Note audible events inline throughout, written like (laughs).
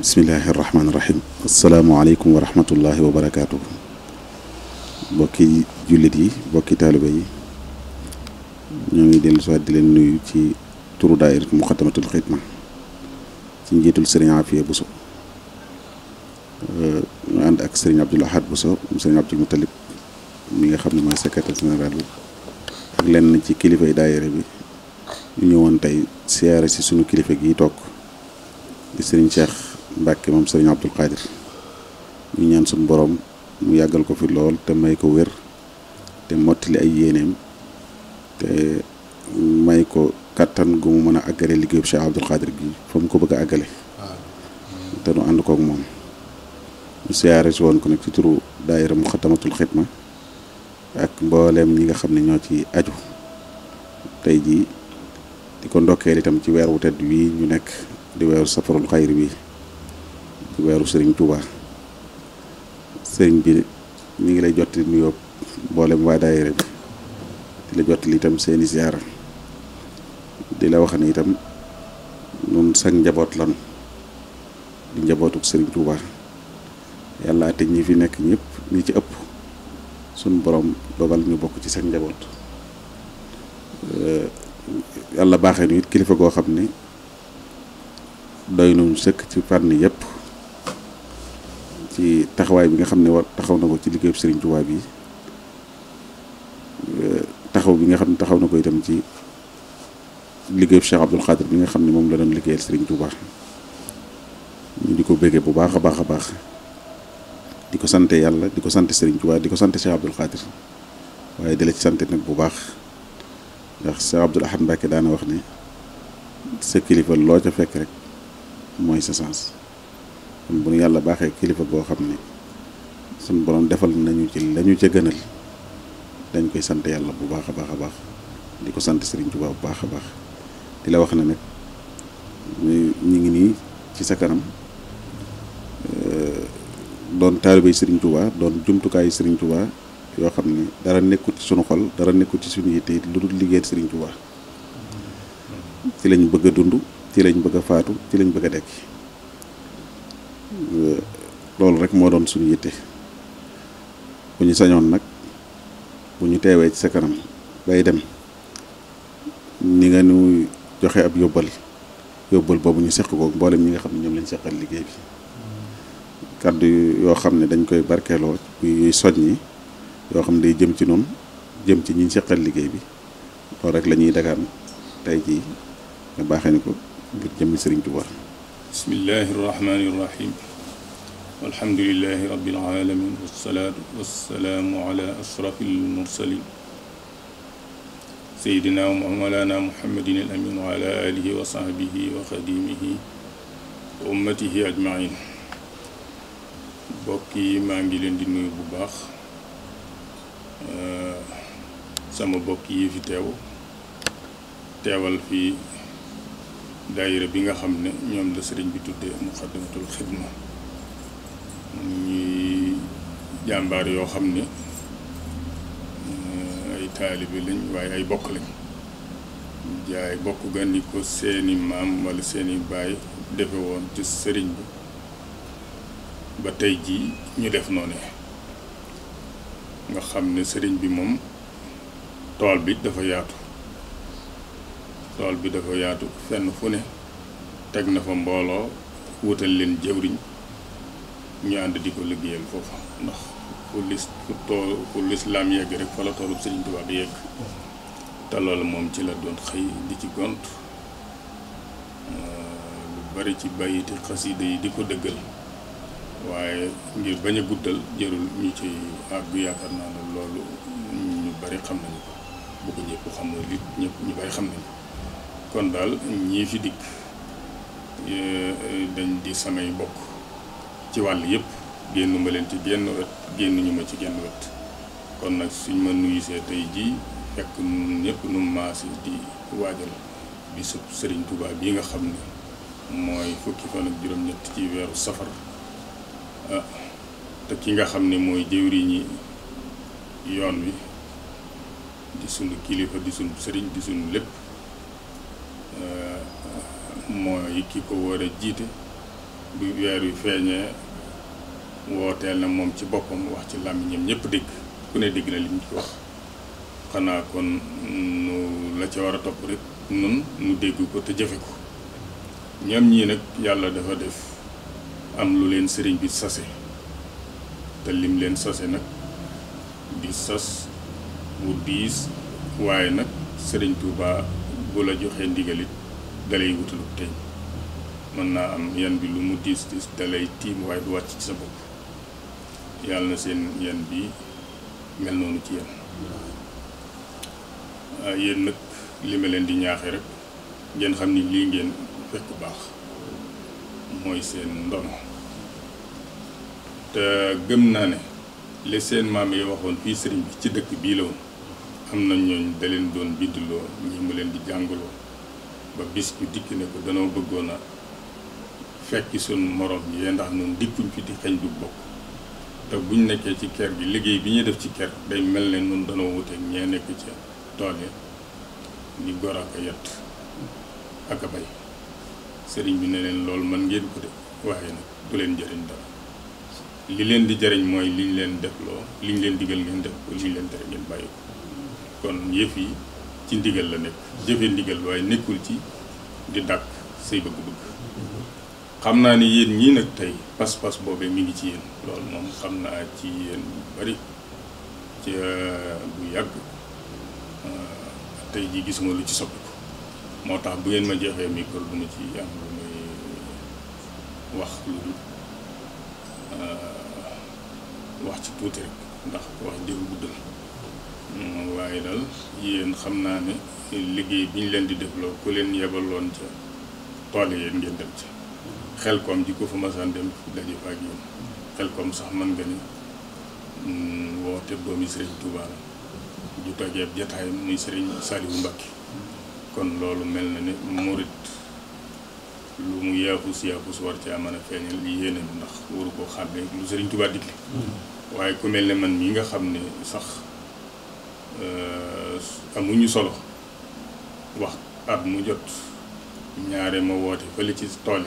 bismillaahi rahmaani rahiim asalaamaaleykum wa rahmatullahi wa barakaatu. bokki jullit yi bokki taalibe yi ñoo ngi dellu si waat di leen nuyu ci turu daayira Muxaddamatul Xidma ci njiitul sëriñ Afiya Buso ñu ànd ak sëriñ Abdul Ahad Buso sëriñ Abdul Mutalib mi nga xam ne mooy secrétaire général bi ak lenn ci kilifay daayira bi ñu ñëwoon tey siyaare si sunu kilifa gi toog di sëriñ Cheikh. Mbàkke moom sëriñ Abdul Xaadir ñu ñaan suñ borom mu yàggal ko fi lool te may ko wér te mottali ay yéeneem te may ko kattan gu mu mën a àggale liggéeyub Cheikh Abdul Xaadir bi fa mu ko bëgg a àggale te nu ànd kook moom ñu siyaare si woon ko nag ci turu daayira mu xatamatul xidma ak mbooleem ñi nga xam ne ñoo ci aju tey ji di ko ndokkeel itam ci weer wu wii ñu nekk di weeru safarul xayri bii weeru sëriñ Touba sëriñ bi ñu ngi lay jotti nuyoo mboolem waa daayira bi di la jotti itam seeni ziyaara di la wax ne itam nun sag njaboot lan di njabootuk sëriñ Touba yàlla ate ñi fi nekk ñëpp ñi ci ëpp suñ borom dogal ñu bokk ci sag njaboot yàlla baaxee nu kilifa goo xam ne doy nañu sëkk ci fànn yëpp ci taxawaay bi nga xam ne war taxaw na ko ci liggéeyub Serigne Touba bi euh, taxaw bi nga xam ne taxaw na ko itam ci liggéeyub Cheikh Abdoul Khadir bi nga xam ne moom la doon liggéeyal bu baax ñu di ko béggee bu baax a baax a baax di ko sant yàlla di ko sant Serigne Touba di ko sant Cheikh Abdoul Khadir waaye dala ci sant nag bu baax ndax Cheikh Abdoul Ahad Mbacké daana wax ne sa kilifa loo ca fekk rek mooy sa sens. kon bu nu yàlla baaxee kilifa goo xam ne suñu borom defal nañu ci lañu ca gënal dañ koy sant yàlla bu baax a baax a baax di ko sant Serigne tubaa bu baax a baax di la wax ne nag ñu ngi nii ci sa kanam euh, doon taalibey Serigne tubaa doon jumtukaayu Serigne tubaa yoo xam ne dara nekkul sunu xol dara nekkul ci suñu yitte it lu dul liggéeyal Serigne Touba ci lañ bëgg a dund ci lañ bëgg faatu ci lañ bëgg a dekki Euh, loolu rek moo doon suñu yitte bu ñu sañoon nag bu ñu teewee ci sa kanam bay dem ni nga ñu joxe ab yóbbal yóbbal boobu ñu seq ko mboolem ñi nga xam ne ñoom lañ seqal liggéey bi kàddu yoo xam ne dañ koy barkeeloo yuy soññi yoo xam ne day jëm ci noonu jëm ci ñi ñu seqal liggéey bi loolu rek lañuy dagaan tey jii nga baaxee ni ko ngir jëmmi Sëriñ Tuubaa bismillahi irrahmani irrahim walhamdulilahi rabbil alamin wassalaatu wassalaamu ala ashrafil mursalin seydina wa mawlana muhammadin al amin wa ala alihi wa sahbihi wa xadimihi wa ummatihi ajmain mbokk yi maa ngi leen di nuyu bu baax sama mbokk yi fi teew teewal fi daayira bi nga xam ne ñoom la sëriñ bi tuddee muqaddamatul xidma ñuy jàmbaar yoo xam ne eh, ay taalibe lañ waaye ay bokk lañ jaay bokk gandi ko seeni maam wala seeni baay defe woon ci sëriñ bi ba tey jii ñu def noone nga xam ne sëriñ bi moom tool bi dafa yaatu lool bi dafa yaatu fenn fu ne teg na fa mbooloo wutal leen jëwriñ ñu ànd di ko liggéeyal foofu ndax fu lis fu tool fu lislaam yegg rek fa la toolu Sëriñ Tuubaa bi yegg te loolu moom ci la doon xëy di ci gont lu bari ci bayyiti xasida yi di ko dëggal waaye ngir bañ a guddal jërul ñu ci àgg yaakaar naa ne loolu ñu bari xam nañu ko bu ko ñëpp xam li ñëpp ñu bari xam nañu kon daal ñii fi dikk eh, dañ di samay bokk ci wàll yëpp génnu ma leen ci génn wet génnuñu ma ci génn wet kon nag suñ ma nuyusee tey jii fekk ñëpp nu maasi di waajal bisub Serigne Touba bii nga xam ne mooy fukki fan ak juróom-ñett ci weeru safar ah, te ki nga xam ne mooy jëwriñi yoon wi di sunu kilifa di sunu sëriñ di sunu lépp. mooy ki ko war a jiite bu weer yu feeñe wooteel na moom ci boppam wax ci làmmiñam ñëpp dégg ku ne dégg na li mu ci xanaa kon nu la ca war a topp rek nun nu dégg ko te jëfe ko ñoom ñii nag yàlla dafa def am lu leen sëriñ bi sase te lim leen sase nag bi sas bu diis waaye nag sëriñ Touba bu la joxee ndigalit dalay wutalu tey mën naa am yan bi lu mu diis diis dalay tiim waaye du wàcc ci sa bopp yàlla na seen yan bi mel noonu ci yéen ah, yéen nag li ma leen di ñaaxee rek ngeen xam ni lii ngeen fekk baax mooy seen ndono te gëm naa ne li seen maam yi waxoon fii sëriñ bi ci dëkk bii la am na ñooñ da leen doon bindloo ñi mu leen di jàngaloo ba bis bu dikk ne ko danoo bëggoon a fekki sunu moroom yi ndax ñun dikkuñ fi di xëñ du bokk te buñ nekkee ci kër gi liggéey bi ñuy def ci ker day mel ne ñun danoo wuteeg ñee nekk ci tool yi di gor ak a ak a bay sëriñ bi ne leen lool man ngeen ko def waaye nag du leen jëriñ dara li leen di jëriñ mooy liñ leen def loo liñ leen digal ngeen def ko liñ leen tere ngeen bàyyi ko kon yëf yi ci ndigal la nekk jëfe ndigal waaye nekkul ci di dàkk say bëgg-bëgg xam naa ni yéen ñii nag tey pas-pas boobee mi ngi ci yéen loolu moom xam naa ci yéen bu ci euh, bu yàgg euh, tey ji gisuma lu ci soppiku moo tax bu ngeen ma joxee micro du ma ci am lu muy wax lu euh, wax ci tuuti rek ndax wax dégg gudd waaye dal yéen xam naa ne liggéey bi ñu leen di développé ku leen yebal yebaloon ca tool yéen ngeen dem ci xel koom ji ko fa masaan dem daje fa ak yéen xel koom sax man nga ni mm, woote doomi Serigne Touba la du toggee ab loolu mel na ne murit lu mu yaafus yaafus war caa mën a feeñal yéene ndax waru ko xàmmee lu Serigne Touba digle mm. waaye ku mel ne man mii nga xam ne sax Euh, amuñu solo wax at mu jot ñaare ma woote fële ci tool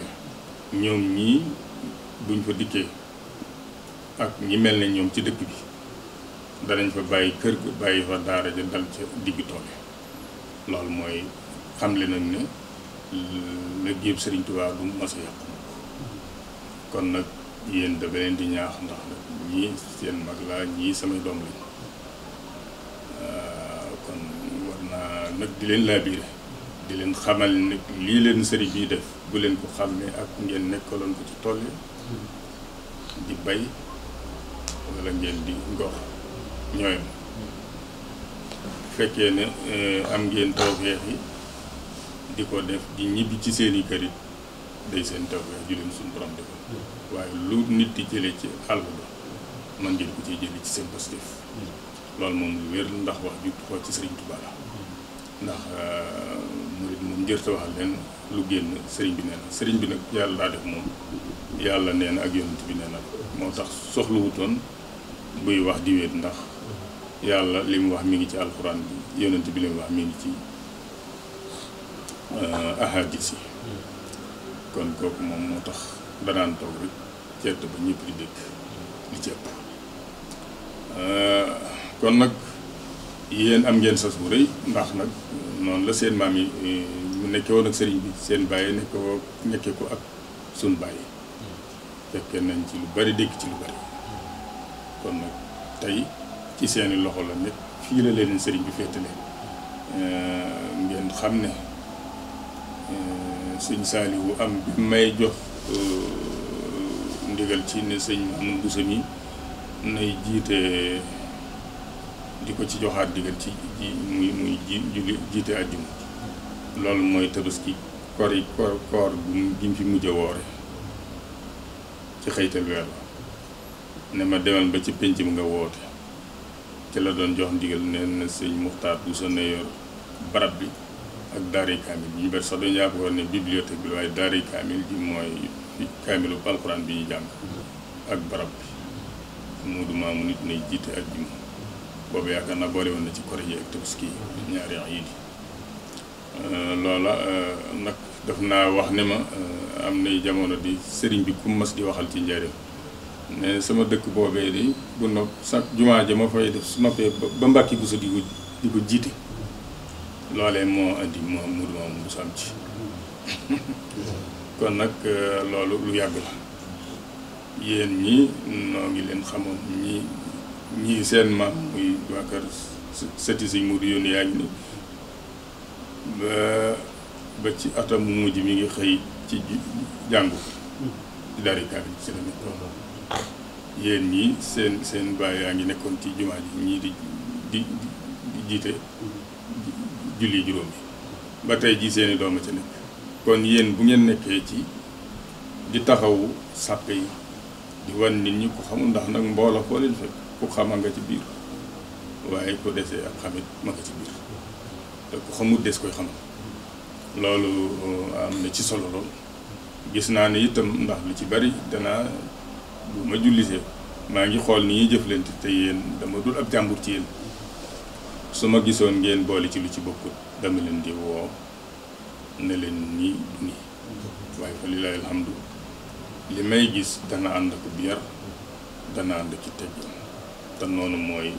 yi ñoom ñii buñ fa dikkee ak ñi mel ne ñoom ci dëkk bi danañ fa bàyyi kër ga bàyyi fa daara ja dal ca diggu tool loolu mooy xamle nañ ne liggéeyub Sëriñ Tuubaa du mas a yàqu kon nag yéen dafa leen di ñaax ndax ñii seen mag laa ñii samay doom lañ nag di leen laabiire di leen xamal ne lii leen sëriñ bi def bu leen ko xam ne ak ngeen nekkaloon ko ci tool di bay wala ngeen di ngox ñooyam fekkee ne eh, am ngeen tawfeex yi di ko def di ñibbi ci seeni kër day seen tawfeex ju leen suñu borom defal waaye lu nit di jëlee ci àll ba mën ko ci seen loolu moom lu ndax ci Sëriñ Tuubaa ndax euh, murit moom jërta wax leen lu génn sëriñ bi nee sëriñ bi nag yàlla daa def moom yàlla nee ak yonent bi nee na moo tax soxlawutoon buy wax di wéet ndax yàlla li mu wax mi ngi ci alxuraan bi yonent bi li wax mi ngi ci euh, ahadis yi kon kooku moom moo tax danaan toog rek ba ñëpp di li ci euh, kon nag yéen am ngeen sos bu rëy ndax nag noonu la seen maam yi eh, mu nekke woon ak sëriñ bi seen bàyyi nekke ko nekkee ko ak suñ bàyyi hmm. fekkee nañ ci lu bari dégg ci lu bari hmm. kon nag tey ci seeni loxo la nekk fii la leen sëriñ bi féetale hmm. eh, ngeen xam ne eh, sëñ Saaliwu am bi may jox ndigal ci ne sëñ Mamoun Bousso mi nay jiite di ko ci joxaat digal ci ji muy muy ji jiite àjjuma loolu mooy tabaski koor yi koor koor gi mu fi mujj woore ci xëytal weer ne ma demal ba ci pénc mi nga woote ci la doon jox ndigal neen na sëñ Muxtaar bu sa neyoor barab bi ak daari kaamil bi ñu bari sax dañu yaakaar ne bibliothèque bi waaye daari kaamil bi mooy kaamilu alxuraan bi ñuy jàng ak barab bi Moodu Maamu nit nay jiite àjjuma boobu yaakaar naa boole woon na ci korite ak tabaski ñaari iid yi loola euh, nag daf naa wax ne ma euh, am nay jamono di sëriñ bi ku mas di waxal ci njëriñ mais sama dëkk boobee di bu nopp sax jumaa ja ma fay def su noppee ba mbàkki bu sa di ko di jiite loolee moo andi moo mur moom bu sam ci (laughs) kon nag euh, loolu lu yàgg la yéen ñi noo ngi leen xamoon ñi ñii seen maam muy waa kër sëti sëñ Modou yónni yaa ngi ni ba ba ci atam mu mujj mi ngi xëy ci jàngu di dari ñii seen seen baay yaa ngi nekkoon ci jumaa ji ñii di di di jiite julli juróom yi ba tey jii seeni doom a ca nekk kon yéen bu ngeen nekkee ci di taxawu sàppe yi di wan nit ñi ko xamul ndax nag mbooloo koo leen fekk ku xama nga ci biir waaye ku desee ak xamit ma nga ci biir te xamut des koy xamal loolu uh, am na ci solo gis naa ne itam ndax lu ci bari danaa bu ma jullisee maa ngi xool ni ñuy leen te yéen dama dul ak jàmbur ci yéen su ma gisoon ngeen boole ci lu ci bokkut dama leen di woo ne leen nii du nii waaye fa lilaay alhamdu li may gis dana ànd ak bu yar dana ànd ak ci teggin te noonu mooy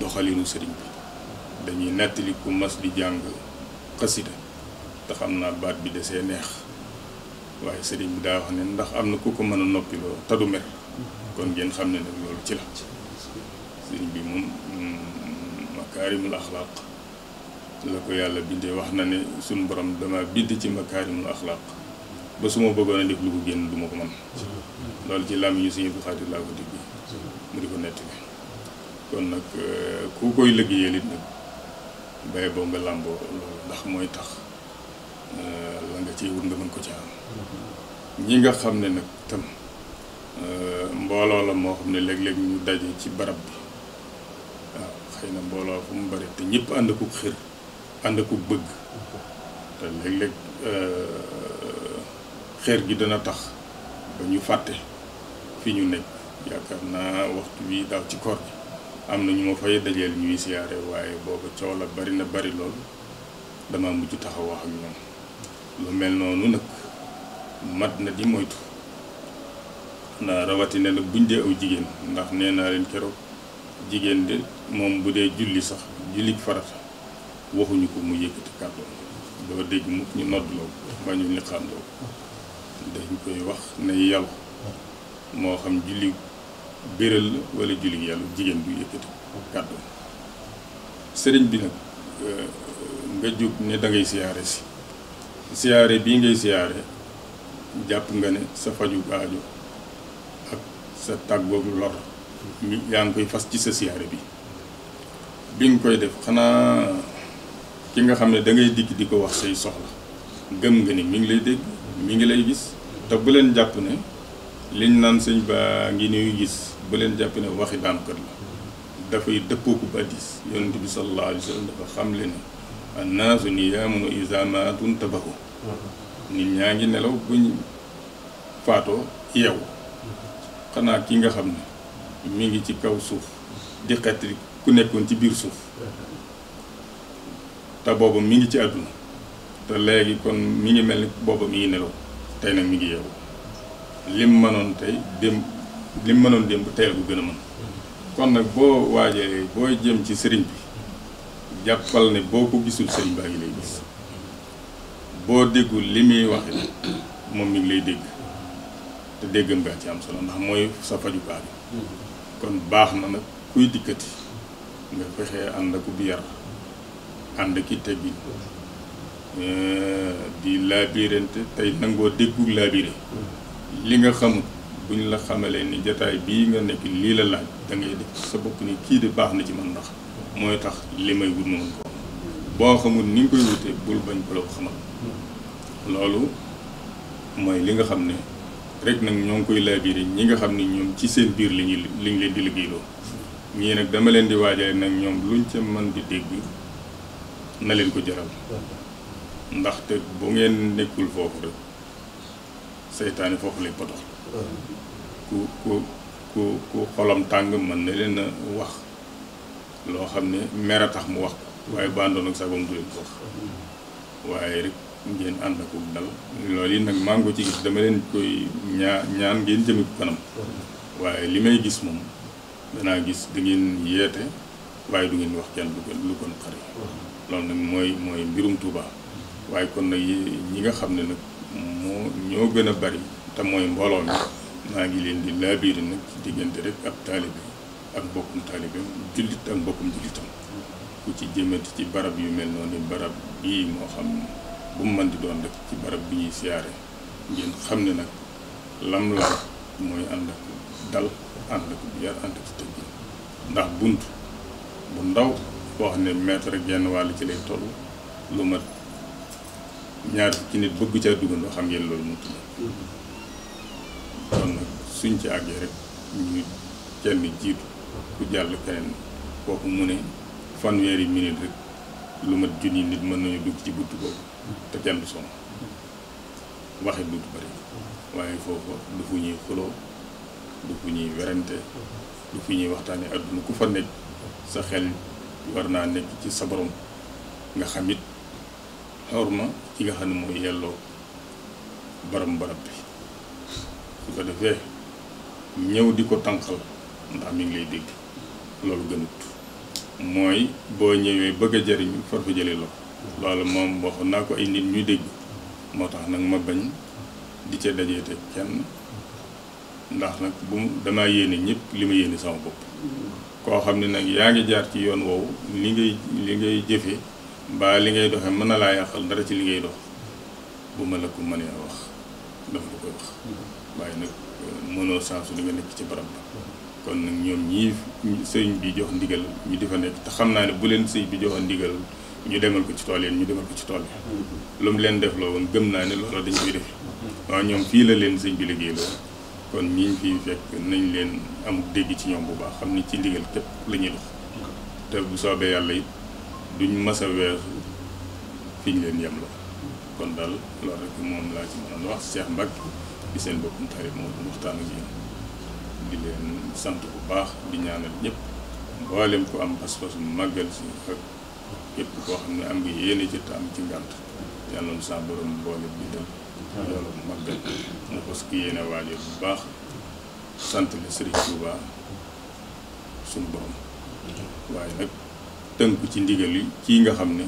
doxaliinu sëriñ bi dañuy nettali ku mas di jàng xasida te xam naa baat bi desee neex waaye sëriñ bi daa wax ne ndax am na ku ko mën a noppiloo te kon ngeen xam ne nag loolu ci la sëriñ bi moom mm, makaarimul axlaaq la ko yàlla bindee wax na ne suñu borom dama bind ci makaarimul axlaaq ba su ma bëggoon a du ma loolu ci làmmiñu Sëriñ Abdou Khadre laa ko dégg mu di ko nettali kon nag euh, ku koy liggéeyal it nag bay boo nga làmboo loolu ndax mooy tax euh, la nga ciy wut nga mën ko ci am ñi nga xam ne nag tam euh, mbooloo la moo xam ne léeg-léeg ñu daje ci barab bi waaw xëy na mbooloo fu mu bari te ñépp ànd ku xir ànd ku bëgg te léeg-léeg xeer gi dana tax ba ñu fàtte fi ñu nekk yaakaar naa waxtu wi daaw ci koor gi am na ñu ma fay dajeel ñuy siyaare waaye booba coow la bari na bari lool dama mujj taxaw wax ak ñoom lu mel noonu nag mat na di moytu naa rawatina nag buñ dee jigéen ndax nee naa leen keroog jigéen de moom bu dee julli sax julli farata waxuñu ko mu yëkkati kàddoom doo dégg mukk ñu noddloo mbaa ñu liqaandoo dañ koy wax ne yàlla moo xam julli béral la wala jullit yàlla jigéen bu yëkkati kàddu sëriñ bi nag euh, nga jóg ne da ngay siyaare si siyaare bi ngay siyaare jàpp nga ne sa faju aajo ak sa tàggoog lor mi yaa ngi koy fas ci sa siyaare bi bi nga koy def xanaa ki nga xam ne dangay ngay dikk di ko wax say soxla gëm nga ni mi ngi lay dégg mi ngi lay gis te bu leen jàpp ne liñ naan sëñ baa ngi nuy gis bu leen jàpp ne waxi daankat la dafay dëppoo ku badis yonent bi sallallahu alayhi wa sallam dafa xamle ne annaasu niyaamun iza maatun tabahu nit ñaa ngi nelaw buñ faatoo yeewu xanaa ki nga xam ne mi ngi ci kaw suuf di xetti ku nekkoon ci biir suuf te booba mi ngi ci àdduna te léegi kon mi ngi mel ni booba mi nelaw tey nag mi ngi yeewu lim mënoon tey dem li mënoon démb teel bu gën a mën kon nag boo waajee boo jëm ci sëriñ bi jàppal ne boo ko gisul sëriñ baa ngi lay gis boo déggul li muy waxe moom mi lay dégg te déggam gaa ci am solo ndax mooy sa fajukaay kon baax na nag kuy dikkati nga fexe ànd ak bu yar ànd ki teggin eh, di laabirante tey nangoo déggul laabire li nga xamut buñ la xamalee ni jataay bii nga nekk lii la laaj da sa bopp ni kii di baax na ci man ndax mooy tax li may wut ma mën ko boo xamul ni nga koy wutee bul bañ ko la ko xamal loolu mooy li nga xam ne rek nag ñoo ngi koy laabiré ñi nga xam ne ñoom ci seen biir li ñuy leen di liggéeyloo ñii nag dama leen di waajale nag ñoom luñ ca mën di dégg na leen ko jaral ndaxte bu ngeen nekkul foofu rek seytaane foofu lay potox ku ku ku ku tàng man na leen a wax loo xam ne mer a tax mu wax waaye bandoon ak sagom du leen ko wax waaye rek ngeen ànd ak dal loolu yi nag maa ngi ko ci gis dama leen koy ñaa ñaan ngeen jëme ko waaye li may gis moom danaa gis da ngeen yeete waaye du ngeen wax kenn lu kon xare loolu nag mooy mooy mbirum tuubaa waaye kon nag ñi nga xam ne nag moo ñoo gën a bari te mooy mbooloo maa ngi leen di laabiire nag ci diggante rek ab taalibe ak mbokkum taalibeem jullit ak mbokkum jullitam ku ci jëmati ci barab yu mel noonu barab bii moo xam bu mu mën di doon rek ci barab bi ñuy siyaare ngeen xam ne nag lam la mooy ànd ak dal ànd ak yar ànd ak tëgg ndax bunt bu ndaw boo ne mètre ak genn wàll ci lay toll lu mat ñaar ci nit bëgg caa duggandoo xam ngeen loolu mu tudd xam nag suñ ci àggee rek ñu kenn jiitu ku jàll keneen kooku mu ne fanweeri minute rek lu mat junni nit mën nañu dugg ci bunt boobu te kenn du sonn waxe du bari waaye foofu du fu ñuy xuloo du fu ñuy werante du fu ñuy waxtaanee àdduna ku fa nekk sa xel war naa nekk ci sa nga xam it xorma ci nga xam ne mooy yelloo baram barab bi su ko defee ñëw di ko tànqal ndax mi lay dégg loolu gënut mooy boo ñëwee bëgg a jariñu far fa jëlee loxo loolu moom waxoon naa ko ay nit ñuy dégg moo tax nag ma bañ di ca dajeete kenn ndax nag bu damaa yéene ñëpp li ma yéene sama bopp koo xam ne nag yaa ngi jaar ci yoon woowu li ngay li ngay jëfee mbaa li ngay doxee mën na laa yàqal dara ci li ngay dox bu ma la ko mënee wax dafa ko koy wax waaye nag euh, mënoo sensu li nga nekk ci barab ba kon nag ñoom ñii sëñ bi jox ndigal ñu di fa nekk te xam naa ne bu leen sëñ bi joxoon ndigal ñu demal ko ci tool yi ñu demal ci tool yi lu mu leen def loo woon gëm naa ne loola dañ koy waaw ñoom fii la leen sëñ bi liggéey loo kon ñii ñu fekk nañ leen am dégg ci ñoom bu baax xam ni ci ndigal képp la ñuy te bu soobee yàlla it duñ mas a weesu fi ñu leen yem la kon daal loolu rek moom laa ci mënoon wax Cheikh Mbacke di seen boppam xarit moo doon waxtaan ak yéen di leen sant bu baax di ñaanal ñëpp mboolem ko am pas mu màggal si ak yëpp koo xam ne am nga yéene jëtt am ci ngant yàlla na sa borom mboolem bi dem loolu màggal mu parce que yéene waaje bu baax sant la Serigne Touba suñu borom waaye nag tënk ci ndigal yi kii nga xam ne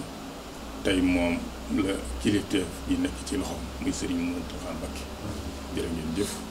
tey moom la kilifteef yi nekk ci loxo muy Serigne Mountakha Mbacké jërë ngeen jëf